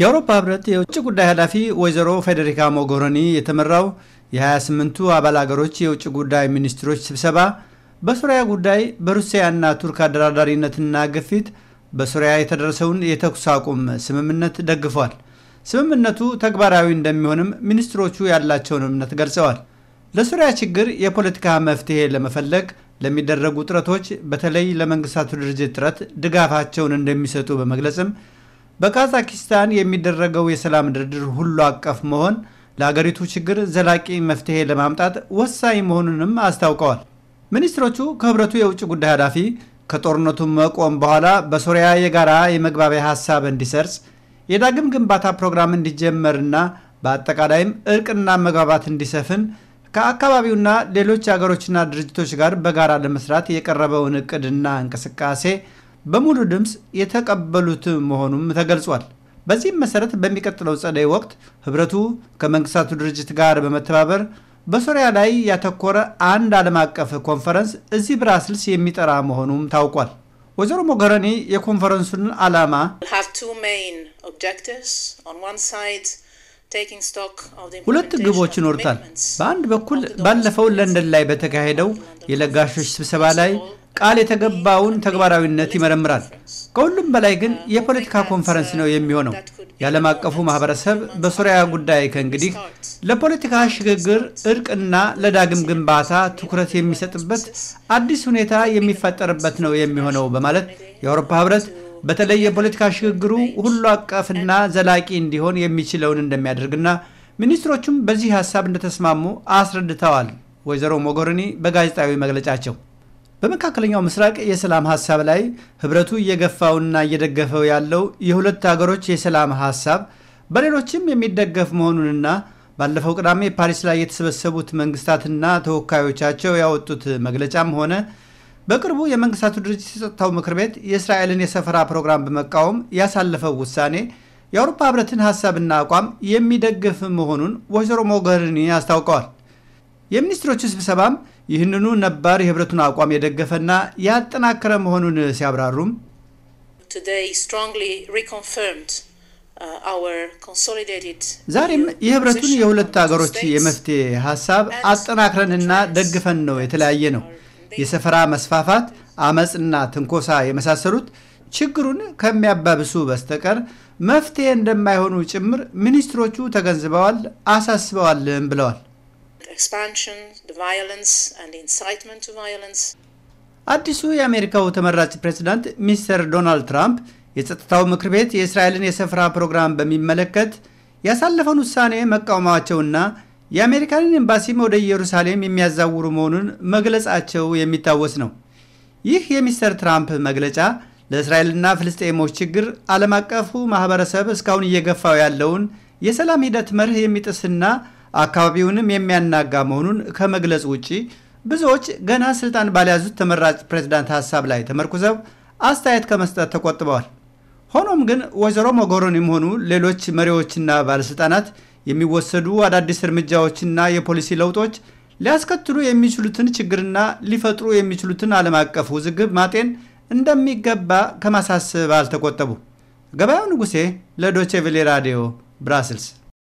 የአውሮፓ ህብረት የውጭ ጉዳይ ኃላፊ ወይዘሮ ፌዴሪካ ሞጎሪኒ የተመራው የ28ቱ አባል አገሮች የውጭ ጉዳይ ሚኒስትሮች ስብሰባ በሱሪያ ጉዳይ በሩሲያና ቱርክ አደራዳሪነትና ግፊት በሱሪያ የተደረሰውን የተኩስ አቁም ስምምነት ደግፏል። ስምምነቱ ተግባራዊ እንደሚሆንም ሚኒስትሮቹ ያላቸውን እምነት ገልጸዋል። ለሱሪያ ችግር የፖለቲካ መፍትሄ ለመፈለግ ለሚደረጉ ጥረቶች በተለይ ለመንግስታቱ ድርጅት ጥረት ድጋፋቸውን እንደሚሰጡ በመግለጽም በካዛኪስታን የሚደረገው የሰላም ድርድር ሁሉ አቀፍ መሆን ለአገሪቱ ችግር ዘላቂ መፍትሄ ለማምጣት ወሳኝ መሆኑንም አስታውቀዋል። ሚኒስትሮቹ ከህብረቱ የውጭ ጉዳይ ኃላፊ ከጦርነቱ መቆም በኋላ በሶሪያ የጋራ የመግባቢያ ሀሳብ እንዲሰርጽ የዳግም ግንባታ ፕሮግራም እንዲጀመርና በአጠቃላይም እርቅና መግባባት እንዲሰፍን ከአካባቢውና ሌሎች አገሮችና ድርጅቶች ጋር በጋራ ለመስራት የቀረበውን እቅድና እንቅስቃሴ በሙሉ ድምፅ የተቀበሉት መሆኑም ተገልጿል። በዚህም መሰረት በሚቀጥለው ጸደይ ወቅት ህብረቱ ከመንግስታቱ ድርጅት ጋር በመተባበር በሶሪያ ላይ ያተኮረ አንድ ዓለም አቀፍ ኮንፈረንስ እዚህ ብራስልስ የሚጠራ መሆኑም ታውቋል። ወይዘሮ ሞገረኒ የኮንፈረንሱን ዓላማ ሁለት ግቦች ይኖሩታል። በአንድ በኩል ባለፈው ለንደን ላይ በተካሄደው የለጋሾች ስብሰባ ላይ ቃል የተገባውን ተግባራዊነት ይመረምራል። ከሁሉም በላይ ግን የፖለቲካ ኮንፈረንስ ነው የሚሆነው። የዓለም አቀፉ ማህበረሰብ በሱሪያ ጉዳይ ከእንግዲህ ለፖለቲካ ሽግግር እርቅና ለዳግም ግንባታ ትኩረት የሚሰጥበት አዲስ ሁኔታ የሚፈጠርበት ነው የሚሆነው በማለት የአውሮፓ ህብረት በተለይ የፖለቲካ ሽግግሩ ሁሉ አቀፍና ዘላቂ እንዲሆን የሚችለውን እንደሚያደርግና ሚኒስትሮቹም በዚህ ሀሳብ እንደተስማሙ አስረድተዋል። ወይዘሮ ሞጎሪኒ በጋዜጣዊ መግለጫቸው በመካከለኛው ምስራቅ የሰላም ሀሳብ ላይ ህብረቱ እየገፋውና እየደገፈው ያለው የሁለት አገሮች የሰላም ሀሳብ በሌሎችም የሚደገፍ መሆኑንና ባለፈው ቅዳሜ ፓሪስ ላይ የተሰበሰቡት መንግስታትና ተወካዮቻቸው ያወጡት መግለጫም ሆነ በቅርቡ የመንግስታቱ ድርጅት የጸጥታው ምክር ቤት የእስራኤልን የሰፈራ ፕሮግራም በመቃወም ያሳለፈው ውሳኔ የአውሮፓ ህብረትን ሀሳብና አቋም የሚደግፍ መሆኑን ወይዘሮ ሞገሪኒ አስታውቀዋል። የሚኒስትሮቹ ስብሰባም ይህንኑ ነባር የህብረቱን አቋም የደገፈና ያጠናከረ መሆኑን ሲያብራሩም uh, ዛሬም የህብረቱን የሁለት ሀገሮች የመፍትሄ ሀሳብ አጠናክረንና ደግፈን ነው። የተለያየ ነው። የሰፈራ መስፋፋት፣ አመፅና ትንኮሳ የመሳሰሉት ችግሩን ከሚያባብሱ በስተቀር መፍትሄ እንደማይሆኑ ጭምር ሚኒስትሮቹ ተገንዝበዋል፣ አሳስበዋልም ብለዋል። expansion, the violence and the incitement to violence አዲሱ የአሜሪካው ተመራጭ ፕሬዝዳንት ሚስተር ዶናልድ ትራምፕ የጸጥታው ምክር ቤት የእስራኤልን የሰፍራ ፕሮግራም በሚመለከት ያሳለፈውን ውሳኔ መቃወማቸውና የአሜሪካንን ኤምባሲም ወደ ኢየሩሳሌም የሚያዛውሩ መሆኑን መግለጻቸው የሚታወስ ነው። ይህ የሚስተር ትራምፕ መግለጫ ለእስራኤልና ፍልስጤሞች ችግር ዓለም አቀፉ ማህበረሰብ እስካሁን እየገፋው ያለውን የሰላም ሂደት መርህ የሚጥስና አካባቢውንም የሚያናጋ መሆኑን ከመግለጽ ውጪ ብዙዎች ገና ስልጣን ባልያዙት ተመራጭ ፕሬዝዳንት ሀሳብ ላይ ተመርኩዘው አስተያየት ከመስጠት ተቆጥበዋል። ሆኖም ግን ወይዘሮ ሞጎሮን የሚሆኑ ሌሎች መሪዎችና ባለሥልጣናት የሚወሰዱ አዳዲስ እርምጃዎችና የፖሊሲ ለውጦች ሊያስከትሉ የሚችሉትን ችግርና ሊፈጥሩ የሚችሉትን ዓለም አቀፍ ውዝግብ ማጤን እንደሚገባ ከማሳሰብ አልተቆጠቡ። ገበያው ንጉሴ ለዶቼ ራዲዮ ብራስልስ